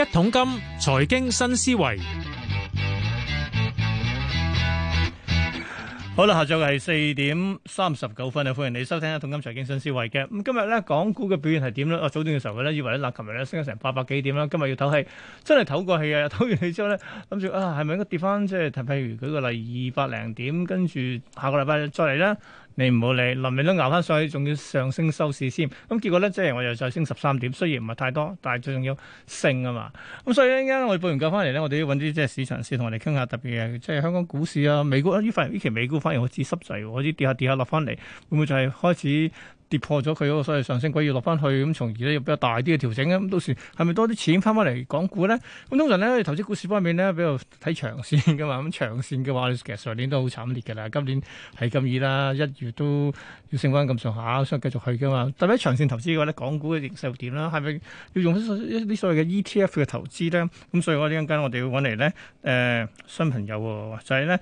一桶金財經新思維，好啦，下晝係四點三十九分啊！歡迎你收聽一桶金財經新思維嘅，咁今日咧，港股嘅表現係點咧？啊，早段嘅時候咧，以為咧嗱，琴日咧升咗成八百幾點啦，今日要唞氣，真係唞個氣唞過氣啊！唞完氣之後咧，諗住啊，係咪應該跌翻？即係，譬如舉個例二百零點，跟住下個禮拜再嚟咧。你唔好理，臨尾都熬翻上去，仲要上升收市先。咁、嗯、結果咧，即係我又再升十三點，雖然唔係太多，但係最重要升啊嘛。咁、嗯、所以依家我哋報完價翻嚟咧，我哋要揾啲即係市場事同我哋傾下特別，特別係即係香港股市啊、美股啊呢份呢期美股，反而好似濕滯喎，好似跌下跌下落翻嚟，會唔會就係開始？跌破咗佢嗰個，所謂上升軌要落翻去，咁從而咧有比較大啲嘅調整。咁到時係咪多啲錢翻翻嚟港股咧？咁通常咧投資股市方面咧，比較睇長線嘅嘛。咁長線嘅話，其實上年都好慘烈嘅啦。今年係咁易啦，一月都要升翻咁上下，所以繼續去嘅嘛。特別長線投資嘅話咧，港股嘅營收點啦，係咪要用一啲所謂嘅 ETF 嘅投資咧？咁所以我呢陣間我哋要揾嚟咧，誒新朋友喎，就係咧。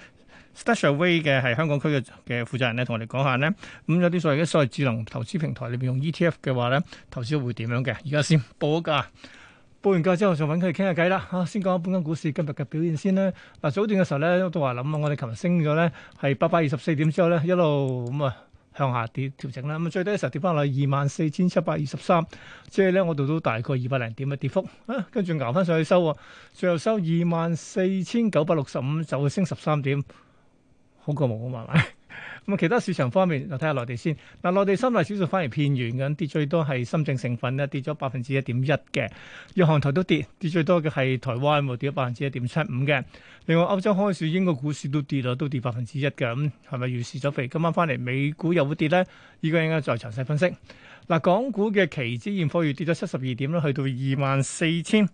StashAway 嘅係香港區嘅嘅負責人咧，同我哋講下咧。咁、嗯、有啲所謂嘅所謂智能投資平台裏邊用 E T F 嘅話咧，投資會點樣嘅？而家先報咗價，報完價之後就搵佢哋傾下計啦。吓、啊，先講下本間股市今日嘅表現先啦。嗱、啊，早段嘅時候咧都話諗啊，我哋琴日升咗咧係八百二十四點之後咧，一路咁、嗯、啊向下跌調整啦。咁、啊、最低嘅時候跌翻落二萬四千七百二十三，即係咧我度都大概二百零點嘅跌幅啊。跟住熬翻上去收啊，最後收二萬四千九百六十五，就會升十三點。好過冇啊嘛，咁啊 其他市場方面，就睇下內地先。嗱，內地三大指數反而偏軟嘅，跌最多係深圳成分咧，跌咗百分之一點一嘅。日韓台都跌，跌最多嘅係台灣，跌咗百分之一點七五嘅。另外歐洲開市，英國股市都跌啦，都跌百分之一嘅。咁係咪預示咗肥？今晚翻嚟美股有冇跌咧？依個應該再詳細分析。嗱、呃，港股嘅期指現貨月跌咗七十二點啦，去到二萬四千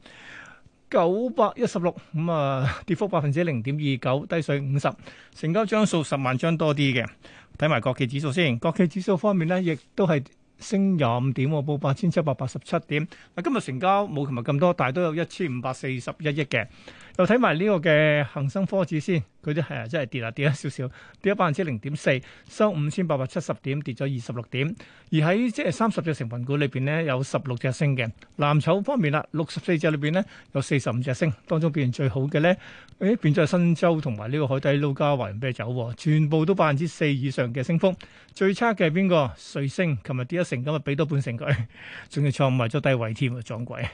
九百一十六，咁啊、嗯，跌幅百分之零點二九，低水五十，成交張數十萬張多啲嘅。睇埋國企指數先，國企指數方面咧，亦都係升廿五點，報八千七百八十七點。嗱，今日成交冇琴日咁多，但係都有一千五百四十一億嘅。又睇埋呢個嘅恒生科指先，佢都係啊，真係跌啊跌咗少少，跌咗百分之零點四，收五千八百七十點，跌咗二十六點。而喺即係三十隻成分股裏邊咧，有十六隻升嘅。藍籌方面啦，六十四隻裏邊咧，有四十五隻升，當中表現最好嘅咧，誒變咗新洲同埋呢個海底撈加華人啤酒，全部都百分之四以上嘅升幅。最差嘅邊個？瑞星，琴日跌一成，今日俾多半成佢，哎，仲要創埋咗低位添，撞鬼。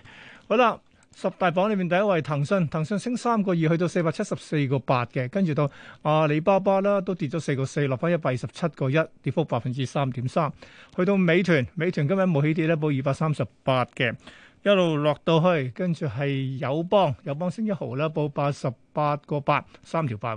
好啦。十大榜裏面第一位騰訊，騰訊升三個二去到四百七十四個八嘅，跟住到阿里巴巴啦都跌咗四個四，落翻一百二十七個一，跌幅百分之三點三。去到美團，美團今日冇起跌咧，報二百三十八嘅，一路落到去，跟住係友邦，友邦升一毫啦，報八十。八個八三條八，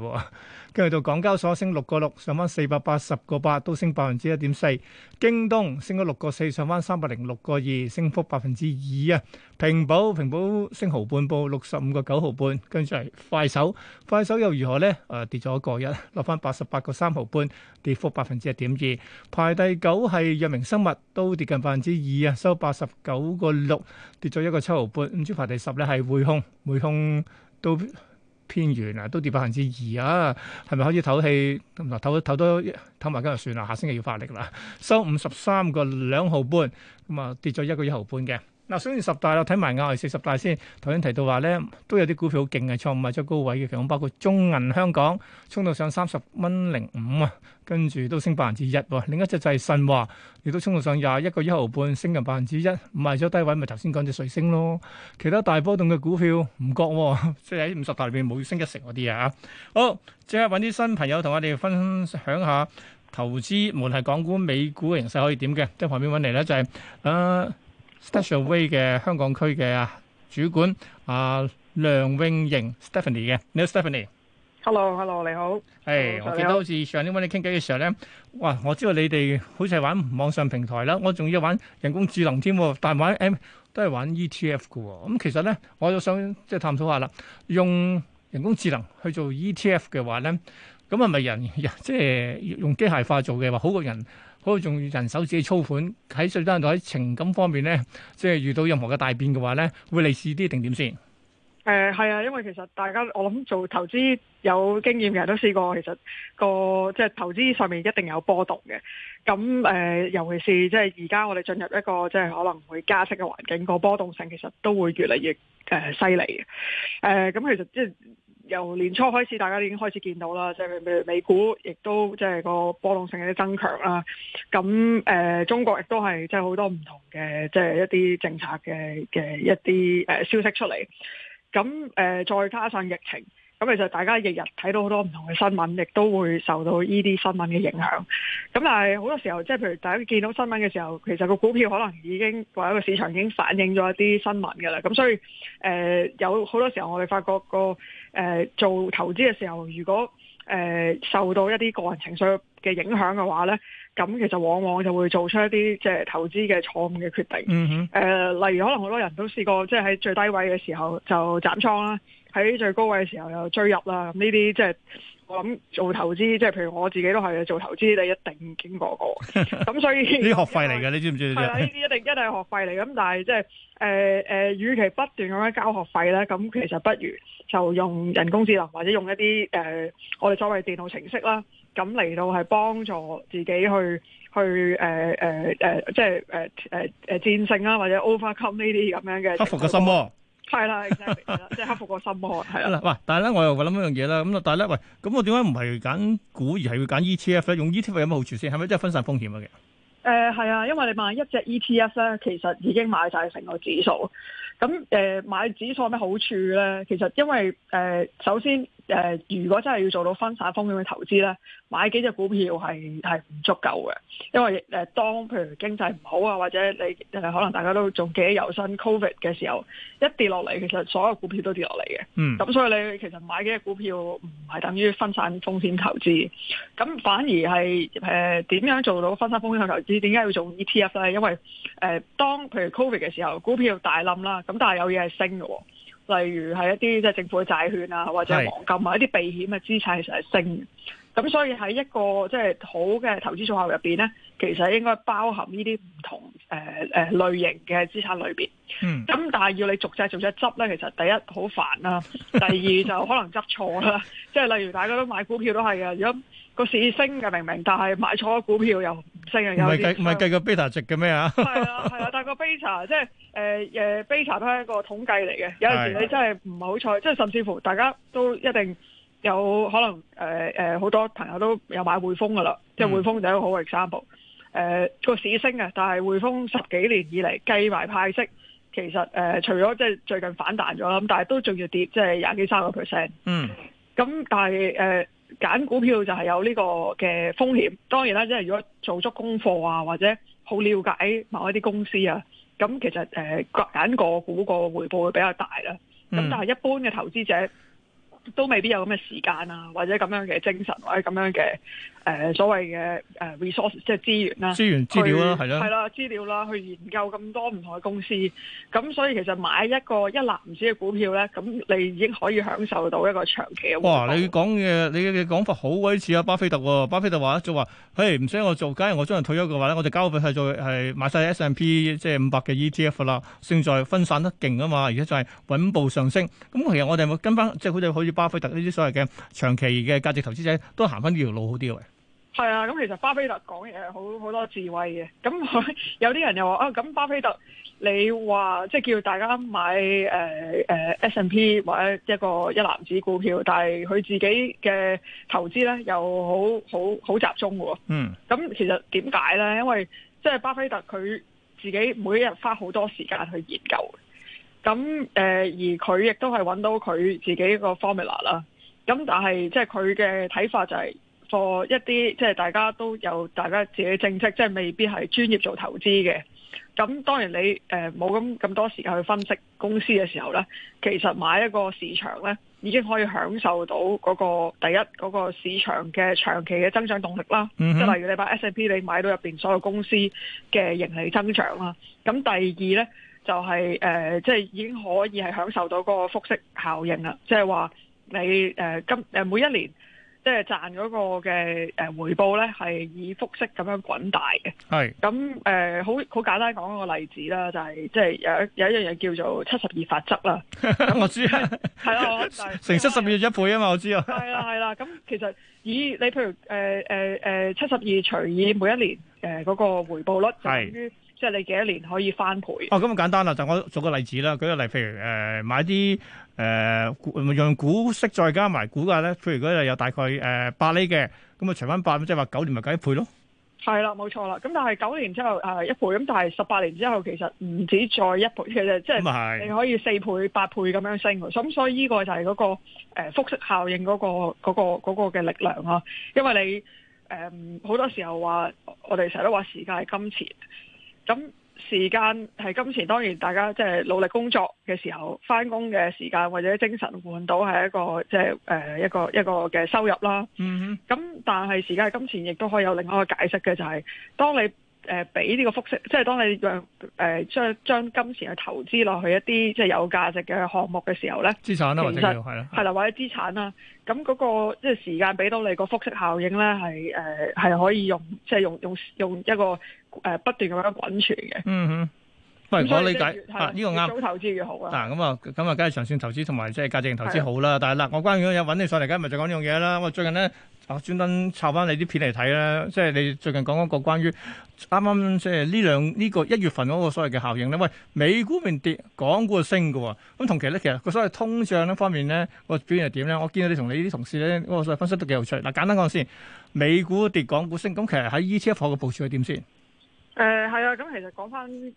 跟住到港交所升六個六，上翻四百八十個八，都升百分之一點四。京東升咗六個四，上翻三百零六個二，升幅百分之二啊。平保平保升毫半，報六十五個九毫半，跟住係快手，快手又如何咧？誒，跌咗個一，落翻八十八個三毫半，跌幅百分之一點二。排第九係藥明生物，都跌近百分之二啊，收八十九個六，跌咗一個七毫半。五 G 排第十咧係匯控，匯控都。偏遠啊，都跌百分之二啊，係咪可以唞氣？嗱，唞唞多唞埋跟就算啦，下星期要發力啦，收五十三個兩毫半，咁啊跌咗一個一毫半嘅。嗱，所以十大咯，睇埋亞亞四十大先。頭先提到話咧，都有啲股票好勁嘅，創五日最高位嘅，其中包括中銀香港衝到上三十蚊零五啊，跟住都升百分之一。另一隻就係信和，亦都衝到上廿一個一毫半，升近百分之一。五日最低位咪頭先講隻瑞星咯。其他大波動嘅股票唔覺喎，即係喺五十大裏邊冇升一成嗰啲啊。好，即係揾啲新朋友同我哋分享下投資，無論係港股、美股嘅形勢可以點嘅，即係旁邊揾嚟咧就係、是、誒。呃 StashAway 嘅香港區嘅主管阿、啊、梁穎瑩 Stephanie 嘅，你好 Stephanie。Hello，Hello，你好。係，Hey, Hello, 我記得好似上年揾你傾偈嘅時候咧，it, 哇！我知道你哋好似係玩網上平台啦，我仲要玩人工智能添，但係玩 M、欸、都係玩 ETF 嘅。咁、嗯、其實咧，我就想即係探討下啦，用人工智能去做 ETF 嘅話咧，咁係咪人即係用機械化做嘅話，好過人？好個仲人手自己操盤喺最底度，喺情感方面咧，即係遇到任何嘅大變嘅話咧，會利試啲定點先？誒係、呃、啊，因為其實大家我諗做投資有經驗嘅人都試過，其實個即係投資上面一定有波動嘅。咁誒、呃，尤其是即係而家我哋進入一個即係可能會加息嘅環境，個波動性其實都會越嚟越誒犀利嘅。誒、呃、咁、呃，其實即、就、係、是。由年初開始，大家都已經開始見到啦，即係譬如美股，亦都即係個波動性嘅一啲增強啦。咁誒、呃，中國亦都係即係好多唔同嘅，即係一啲政策嘅嘅一啲誒消息出嚟。咁誒、呃，再加上疫情，咁其實大家日日睇到好多唔同嘅新聞，亦都會受到呢啲新聞嘅影響。咁但係好多時候，即係譬如大家見到新聞嘅時候，其實個股票可能已經或者個市場已經反映咗一啲新聞噶啦。咁所以誒、呃，有好多時候我哋發覺、那個。誒，做投資嘅時候，如果誒、呃、受到一啲個人情緒嘅影響嘅話咧，咁其實往往就會做出一啲即係投資嘅錯誤嘅決定。嗯哼。誒、呃，例如可能好多人都試過，即係喺最低位嘅時候就斬倉啦，喺最高位嘅時候又追入啦，呢啲即係我諗做投資，即係譬如我自己都係做投資，你一定經過過。咁 所以呢啲 學費嚟嘅，你知唔知，知？係啦， 呢啲一定一定係學費嚟，咁但係即係。誒誒，與其不斷咁樣交學費咧，咁其實不如就用人工智能或者用一啲誒，我哋所謂電腦程式啦，咁嚟到係幫助自己去去誒誒誒，即係誒誒誒戰勝啦，或者 overcome 呢啲咁樣嘅克服個心魔。係啦係啦係啦，即係克服個心魔。係啦，喂，但係咧我又會諗一樣嘢啦，咁啊，但係咧喂，咁我點解唔係揀股而係會揀 ETF 咧？用 ETF 有乜好處先？係咪真係分散風險啊？誒，係啊、呃，因為你買一隻 ETF 咧，其實已經買晒成個指數咁。誒，買指數有咩好處咧？其實因為誒、呃、首先。誒、呃，如果真係要做到分散風險去投資咧，買幾隻股票係係唔足夠嘅，因為誒、呃、當譬如經濟唔好啊，或者你、呃、可能大家都仲記憶猶新 covid 嘅時候，一跌落嚟，其實所有股票都跌落嚟嘅。嗯，咁所以你其實買幾隻股票唔係等於分散風險投資，咁反而係誒點樣做到分散風險去投資？點解要做 ETF 咧？因為誒、呃、當譬如 covid 嘅時候，股票大冧啦，咁但係有嘢係升嘅。例如係一啲即係政府嘅債券啊，或者黃金啊，一啲避險嘅資產其實係升嘅。咁所以喺一個即係、就是、好嘅投資組合入邊咧，其實應該包含呢啲唔同誒誒、呃呃、類型嘅資產裏邊。嗯。咁但係要你逐隻逐隻執咧，其實第一好煩啦、啊，第二就可能執錯啦。即係 例如大家都買股票都係嘅，如果。個市升嘅明明，但係買錯股票又唔升啊！唔計唔係計個 beta 值嘅咩啊？係啊係啊，但個 beta 即係誒誒、呃呃、，beta 都係一個統計嚟嘅。有陣時你真係唔係好彩，即係的甚至乎大家都一定有可能誒誒，好、呃、多朋友都有買匯豐噶啦，嗯、即係匯豐就係一個好嘅 example。誒個市升啊，但係匯豐十幾年以嚟計埋派息，其實誒、呃、除咗即係最近反彈咗啦，咁但係都仲要跌，即係廿幾三個 percent。嗯，咁但係誒。呃揀股票就係有呢個嘅風險，當然啦，即係如果做足功課啊，或者好了解某一啲公司啊，咁其實誒揀個股個回報會比較大啦。咁但係一般嘅投資者。都未必有咁嘅時間啊，或者咁樣嘅精神，或者咁樣嘅誒、呃、所謂嘅誒 resource 即係資源啦，資源資料啦，係咯的，係啦資料啦，去研究咁多唔同嘅公司，咁所以其實買一個一籃子嘅股票咧，咁你已經可以享受到一個長期嘅。哇！你講嘅你嘅講法好鬼似啊，巴菲特喎、哦，巴菲特話就話，嘿唔使我做，假如我將人退休嘅話咧，我就交畀佢做，係買曬 S&P 即係五百嘅 ETF 啦，勝在分散得勁啊嘛，而家就係穩步上升，咁其實我哋咪跟翻，即係好似可以。巴菲特呢啲所謂嘅長期嘅價值投資者都行翻呢條路好啲喎。係啊，咁其實巴菲特講嘢好好多智慧嘅。咁 有啲人又話啊，咁巴菲特你話即係叫大家買誒誒、呃呃、S&P 或者一個一籃子股票，但係佢自己嘅投資咧又好好好集中喎。嗯。咁其實點解咧？因為即係巴菲特佢自己每日花好多時間去研究。咁誒、呃，而佢亦都係揾到佢自己一個 formula 啦。咁但係即係佢嘅睇法就係，for 一啲即係大家都有大家自己正職，即係未必係專業做投資嘅。咁當然你誒冇咁咁多時間去分析公司嘅時候咧，其實買一個市場咧，已經可以享受到嗰、嗰個第一嗰、嗰個市場嘅長期嘅增長動力啦。Mm hmm. 即係例如你買 S&P，你買到入邊所有公司嘅盈利增長啦。咁第二咧。就係誒，即係已經可以係享受到嗰個複息效應啦，即係話你誒今誒每一年即係賺嗰個嘅誒回報咧，係以複息咁樣滾大嘅。係咁誒，好好簡單講一個例子啦，就係即係有有一樣嘢叫做七十二法則啦。我知係啦，成七十二一倍啊嘛，我知啊。係啦，係啦。咁其實以你譬如誒誒誒七十二除以每一年誒嗰個回報率就等於即係你幾多年可以翻倍？哦、啊，咁簡單啦，就我做個例子啦，舉個例，譬如誒、呃、買啲誒、呃、用股息再加埋股價咧，譬如嗰度有大概誒八、呃、厘嘅，咁、嗯、啊除翻八，即係話九年咪計一倍咯。係啦，冇錯啦。咁但係九年之後誒一、呃、倍，咁但係十八年之後其實唔止再一倍，嘅啫。即係你可以四倍、八倍咁樣升。咁的所以呢個就係嗰、那個誒、呃、複息效應嗰、那個、那個、那個嘅、那個、力量啊。因為你誒好、呃、多時候話我哋成日都話時間係金錢。咁時間係金錢，當然大家即係努力工作嘅時候，翻工嘅時間或者精神換到係一個即係誒一個一個嘅收入啦。咁、嗯、哼但係時間係金錢，亦都可以有另外一個解釋嘅，就係、是、當你誒俾呢個複息，即、就、係、是、當你讓誒將將金錢去投資落去一啲即係有價值嘅項目嘅時候咧，資產都實或者要係啦，係啦，或者資產啦。咁嗰、嗯那個即係、就是、時間俾到你個複息效應咧，係誒係可以用即係、就是、用用用，用一個。誒，不斷咁樣滾存嘅，嗯哼，喂，我理解啊，呢個啱早投資越好啦。嗱，咁啊，咁啊，梗係長線投資同埋即係價值型投資好啦。是的 但係咧，我關於有樣揾你上嚟，咁咪就講呢樣嘢啦。我最近咧啊，專登抄翻你啲片嚟睇啦。即係你最近講嗰個關於啱啱即係呢兩呢個一月份嗰個所謂嘅效應咧。喂，美股面跌，港股就升嘅，咁同期咧，其實個所謂通脹呢方面咧個表現係點咧？我見到你同你啲同事咧所個分析得幾有趣。嗱，簡單講先，美股跌，港股升，咁其實喺 ETF 嘅部署係點先？誒，係啊、呃，咁其實講翻誒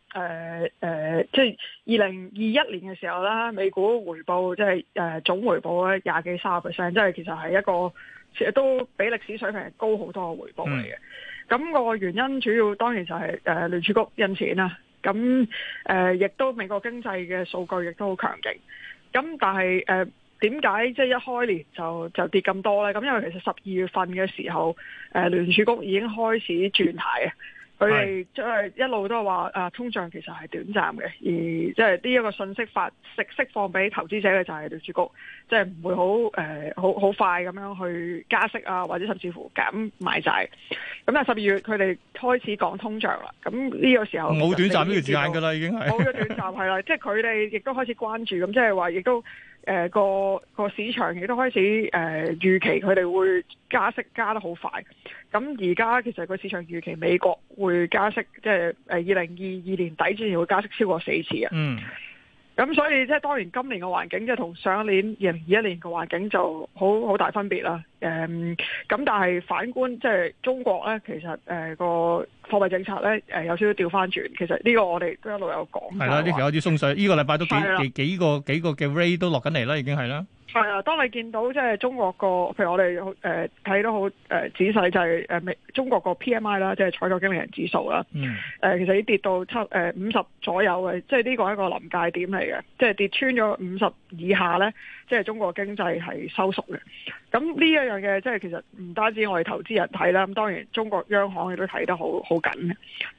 誒，即係二零二一年嘅時候啦，美股回報即係誒、呃、總回報咧廿幾卅 percent，即係其實係一個其實都比歷史水平高好多嘅回報嚟嘅。咁、嗯、個原因主要當然就係誒聯儲局印錢啦。咁誒亦都美國經濟嘅數據亦都好強勁。咁但係誒點解即係一開年就就跌咁多咧？咁因為其實十二月份嘅時候，誒聯儲局已經開始轉態啊。佢哋即係一路都係話，啊通脹其實係短暫嘅，而即係呢一個信息發釋釋放俾投資者嘅就係樓市局，即係唔會好誒好好快咁樣去加息啊，或者甚至乎減買債。咁啊十二月佢哋開始講通脹啦，咁呢個時候冇短暫呢段時間㗎啦，已經係冇咗短暫係啦， 即係佢哋亦都開始關注，咁即係話亦都。誒、呃、個個市場亦都開始誒預、呃、期佢哋會加息加得好快，咁而家其實個市場預期美國會加息，即係誒二零二二年底之前會加息超過四次啊。嗯。咁、嗯、所以即係當然今年嘅環境即係同上一年二零二一年嘅環境就好好大分別啦。誒、嗯、咁，但係反觀即係中國咧，其實誒個貨幣政策咧誒、呃、有少少調翻轉，其實呢個我哋都一路有講，係啦，呢條有啲鬆水，呢、這個禮拜都幾幾幾個幾個嘅 rate 都落緊嚟啦，已經係啦。係啊，當你見到即係中國個，譬如我哋誒睇得好誒仔細、就是，就係誒美中國個 P M I 啦、啊，即係採購經理人指數啦。誒、嗯呃，其實已經跌到七誒五十左右嘅，即係呢個係一個臨界點嚟嘅。即係跌穿咗五十以下咧，即係中國經濟係收縮嘅。咁呢一樣嘢，即係其實唔單止我哋投資人睇啦，咁當然中國央行亦都睇得好好緊嘅。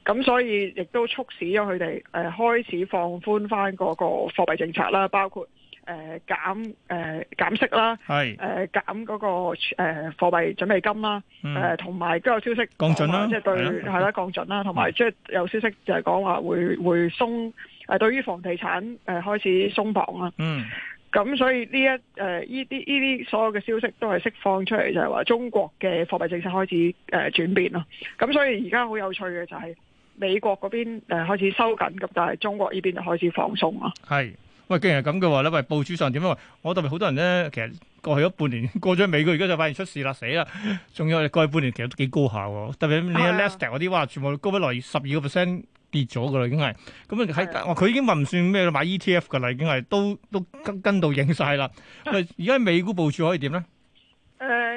咁所以亦都促使咗佢哋誒開始放寬翻嗰個貨幣政策啦，包括。誒、呃、減誒、呃、減息啦，係誒是、呃、減嗰、那個誒貨幣準備金啦，誒同埋都有消息降準啦，即係對係啦降準啦，同埋即係有消息就係講話會會鬆誒、呃、對於房地產誒、呃、開始鬆綁啦，嗯，咁所以呢一誒呢啲呢啲所有嘅消息都係釋放出嚟，就係、是、話中國嘅貨幣政策開始誒轉、呃、變咯，咁所以而家好有趣嘅就係美國嗰邊誒開始收緊，咁但係中國呢邊就開始放鬆咯，係、啊。喂，既然係咁嘅話咧，喂，部署上點樣？我特別好多人咧，其實過去咗半年過咗美國，而家就發現出事啦，死啦！仲有過半年， 去半年其實都幾高下喎。特別你 Lester 嗰啲話，全部高翻來十二個 percent 跌咗嘅啦，已經係咁喺佢已經話唔算咩啦，買 ETF 嘅啦，已經係都都跟跟到應晒啦。喂，而家美股部署可以點咧？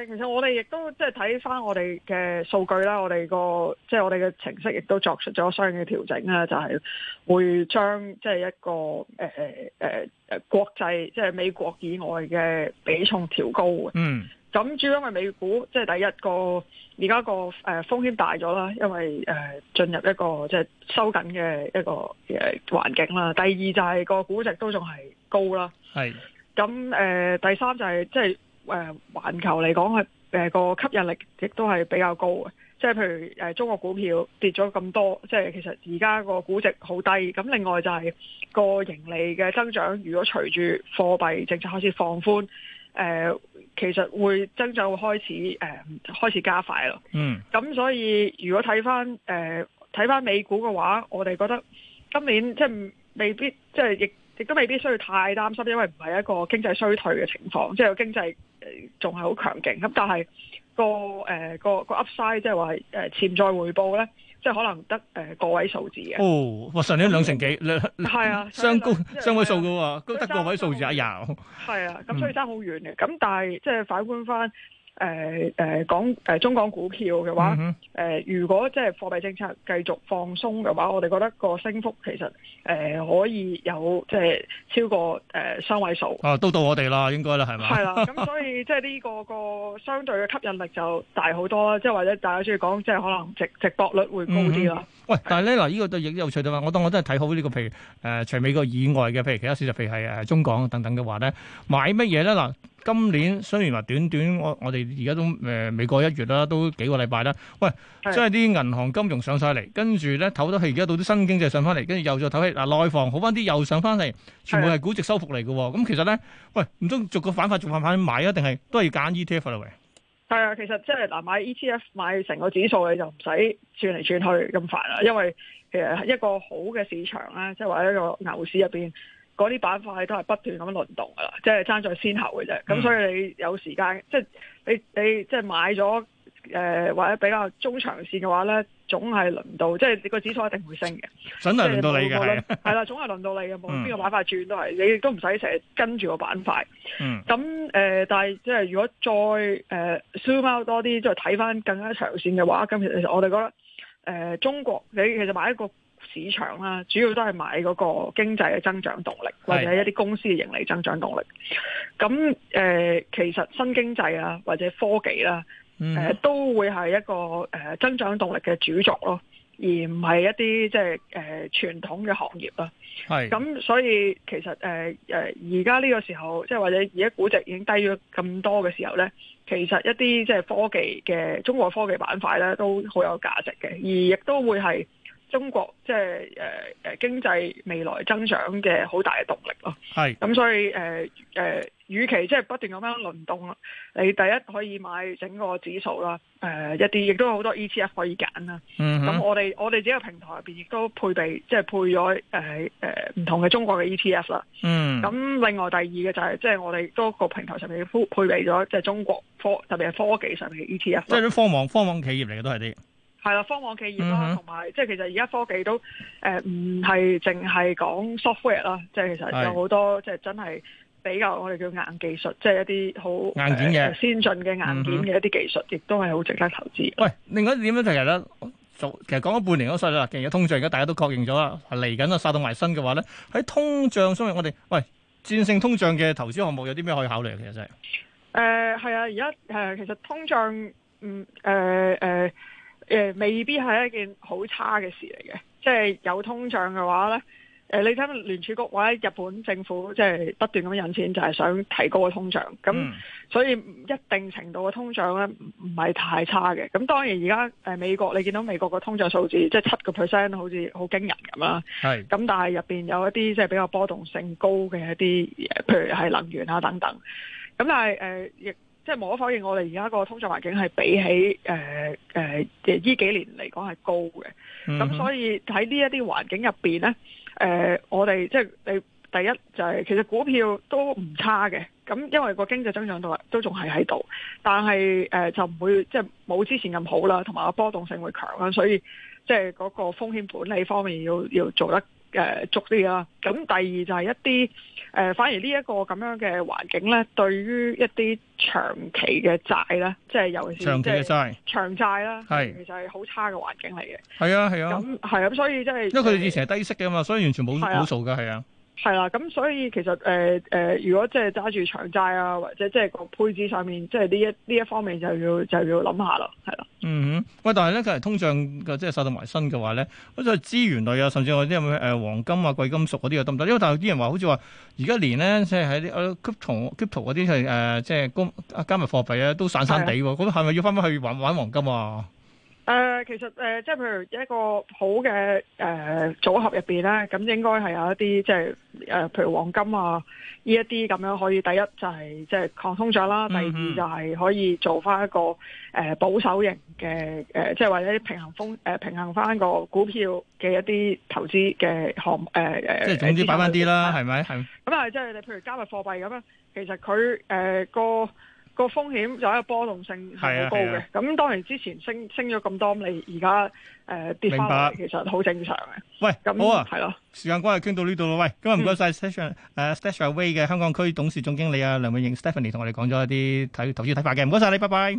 其實我哋亦都即係睇翻我哋嘅數據啦，我哋個即係我哋嘅程式亦都作出咗相應嘅調整啦。就係、是、會將即係一個誒誒誒誒國際即係美國以外嘅比重調高嘅。嗯。咁主要因為美股即係第一個而家個誒風險大咗啦，因為誒、呃、進入一個即係收緊嘅一個誒環境啦。第二就係個估值都仲係高啦。係是。咁誒、嗯呃、第三就係、是、即係。誒，環、呃、球嚟講係誒個吸引力，亦都係比較高嘅。即係譬如誒、呃，中國股票跌咗咁多，即係其實而家個估值好低。咁另外就係個盈利嘅增長，如果隨住貨幣政策開始放寬，誒、呃，其實會增長開始誒、呃、開始加快咯。嗯。咁所以如果睇翻誒睇翻美股嘅話，我哋覺得今年即係未必即係亦。亦都未必需要太擔心，因為唔係一個經濟衰退嘅情況，即係個經濟仲係好強勁。咁但係個誒、呃、個個 Upside 即係話誒潛在回報咧，即係可能得誒個位數字嘅。哦哇，上年兩成幾兩？係 高啊，雙高、就是、雙位數嘅喎，都得、啊、個位數字。啊。有、嗯，係啊，咁所以差好遠嘅。咁但係即係反觀翻。誒誒、呃呃、講誒、呃、中港股票嘅話，誒、嗯哼呃、如果即係貨幣政策繼續放鬆嘅話，我哋覺得個升幅其實誒、呃、可以有即係超過誒、呃、雙位數。啊，都到我哋啦，應該啦，係咪？係 啦，咁所以即係、這、呢個個相對嘅吸引力就大好多啦。即係或者大家中意講，即係可能值值博率會高啲啦。嗯喂，但係咧嗱，依、這個對亦都有趣到啦。我當我真係睇好呢、這個，譬如誒、呃、除美國以外嘅，譬如其他市場譬如係誒中港等等嘅話咧，買乜嘢咧？嗱，今年雖然話短短我，我我哋而家都誒未夠一月啦，都幾個禮拜啦。喂，即係啲銀行金融上晒嚟，跟住咧唞咗氣，而家到啲新經濟上翻嚟，跟住又再唞氣。嗱、呃，內房好翻啲又上翻嚟，全部係估值收復嚟嘅喎。咁是、嗯、其實咧，喂，唔通逐個反法逐反反買啊？定係都係要揀 ETF 啦、呃、喂。係啊，其實即係嗱，買 ETF 買成個指數，你就唔使轉嚟轉去咁煩啦。因為其實一個好嘅市場咧，即係話一個牛市入邊，嗰啲板塊都係不斷咁輪動噶啦，即係爭在先後嘅啫。咁、嗯、所以你有時間，即係你你即係買咗。誒或者比較中長線嘅話咧，總係輪到，即係個指數一定會升嘅。總係輪到你㗎，係啦，總係輪到你嘅，無論邊個板塊轉都係。你亦都唔使成日跟住個板塊。嗯。咁誒，但係即係如果再 zoom out 多啲，即係睇返更加長線嘅話，咁其實我哋覺得誒中國你其實買一個市場啦，主要都係買嗰個經濟嘅增長動力，或者一啲公司嘅盈利增長動力。咁誒，其實新經濟啊，或者科技啦。誒、嗯呃、都會係一個誒、呃、增長動力嘅主軸咯，而唔係一啲即係誒傳統嘅行業啦。係咁是，所以其實誒誒而家呢個時候，即係或者而家估值已經低咗咁多嘅時候咧，其實一啲即係科技嘅中國科技板塊咧，都好有價值嘅，而亦都會係，中國即係誒誒經濟未來增長嘅好大嘅動力咯，係咁是、嗯、所以誒誒、呃，與其即係不斷咁樣輪動，你第一可以買整個指數啦，誒一啲亦都有好多 ETF 可以揀啦。嗯哼，咁我哋我哋自己嘅平台入邊亦都配備即係配咗誒誒唔同嘅中國嘅 ETF 啦。嗯，咁另外第二嘅就係、是、即係我哋多個平台上面配備咗即係中國科特別係科技上面嘅 ETF。即係啲科網科網企業嚟嘅都係啲。係啦，科網企業啦，同埋即係其實而家科技都誒唔係淨係講 software 啦，即係其實有好多的即係真係比較我哋叫硬技術，即係一啲好硬件嘅、呃、先進嘅硬件嘅一啲技術，嗯、哼亦都係好值得投資。喂，另外點樣投入咧？就其實講咗半年都歲啦、呃，其實通脹而家大家都確認咗啦，嚟緊啊殺到埋身嘅話咧，喺通脹中，我哋喂戰勝通脹嘅投資項目有啲咩可以考慮啊？其實真係誒係啊，而家誒其實通脹嗯誒誒。誒、呃、未必係一件好差嘅事嚟嘅，即係有通脹嘅話咧，誒、呃、你睇下聯儲局或者日本政府即係不斷咁印錢，就係想提高個通脹，咁、嗯嗯、所以一定程度嘅通脹咧唔係太差嘅。咁、嗯、當然而家誒美國你見到美國個通脹數字即係七個 percent 好似好驚人咁啦，係咁是、嗯、但係入邊有一啲即係比較波動性高嘅一啲嘢，譬如係能源啊等等，咁、嗯、但係誒亦。呃即係無可否認，我哋而家個通脹環境係比起誒誒誒呢幾年嚟講係高嘅。咁所以喺呢一啲環境入邊咧，誒我哋即係第第一就係其實股票都唔差嘅。咁因為個經濟增長度都仲係喺度，但係誒、呃、就唔會即係冇之前咁好啦，同埋個波動性會強啦，所以即係嗰、那個風險管理方面要要做得。誒，足啲啦。咁第二就係一啲誒、呃，反而這這呢一個咁樣嘅環境咧，對於一啲長期嘅債啦，即係尤其是即係長債啦，係是其實係好差嘅環境嚟嘅。係啊，係啊。咁係咁，所以即、就、係、是、因為佢哋以前係低息嘅嘛，所以完全冇股數㗎係啊。係啦，咁所以其實誒誒、呃呃，如果即係揸住長債啊，或者即係個配置上面，即係呢一呢一方面就要就要諗下啦，係啦。嗯哼，喂，但係咧，佢係通脹嘅，即係受到埋身嘅話咧，好似資源類啊，甚至係啲咩誒黃金啊、貴金屬嗰啲啊，得唔得？因為但係啲人話好似話而家連咧，即係喺啲啊 k p 從 k e p 投嗰啲係誒，即係公啊加密貨幣啊都散散地喎、啊，咁係咪要翻翻去玩玩黃金啊？誒、呃、其實誒、呃，即係譬如一個好嘅誒、呃、組合入邊咧，咁應該係有一啲即係誒、呃，譬如黃金啊呢一啲咁樣，這些這些可以第一就係即係抗通脹啦，嗯、哼第二就係可以做翻一個誒、呃、保守型嘅誒、呃，即係或者平衡風誒、呃、平衡翻個股票嘅一啲投資嘅項誒誒。呃、即係總之擺翻啲啦，係咪，嗯？係。咁啊，即係你譬如加密貨幣咁樣，其實佢誒、呃呃、個。個風險有一個波動性係好高嘅，咁、啊啊、當然之前升升咗咁多，你而家誒跌翻嚟，其實好正常嘅。喂，咁那好啊，係咯了。時間關係傾到呢度啦，喂，今日唔該晒。Stash，誒，Stash Away 嘅香港區董事總經理啊，梁穎瑩 Stephanie 同我哋講咗一啲睇投資睇法嘅，唔該晒你，拜拜。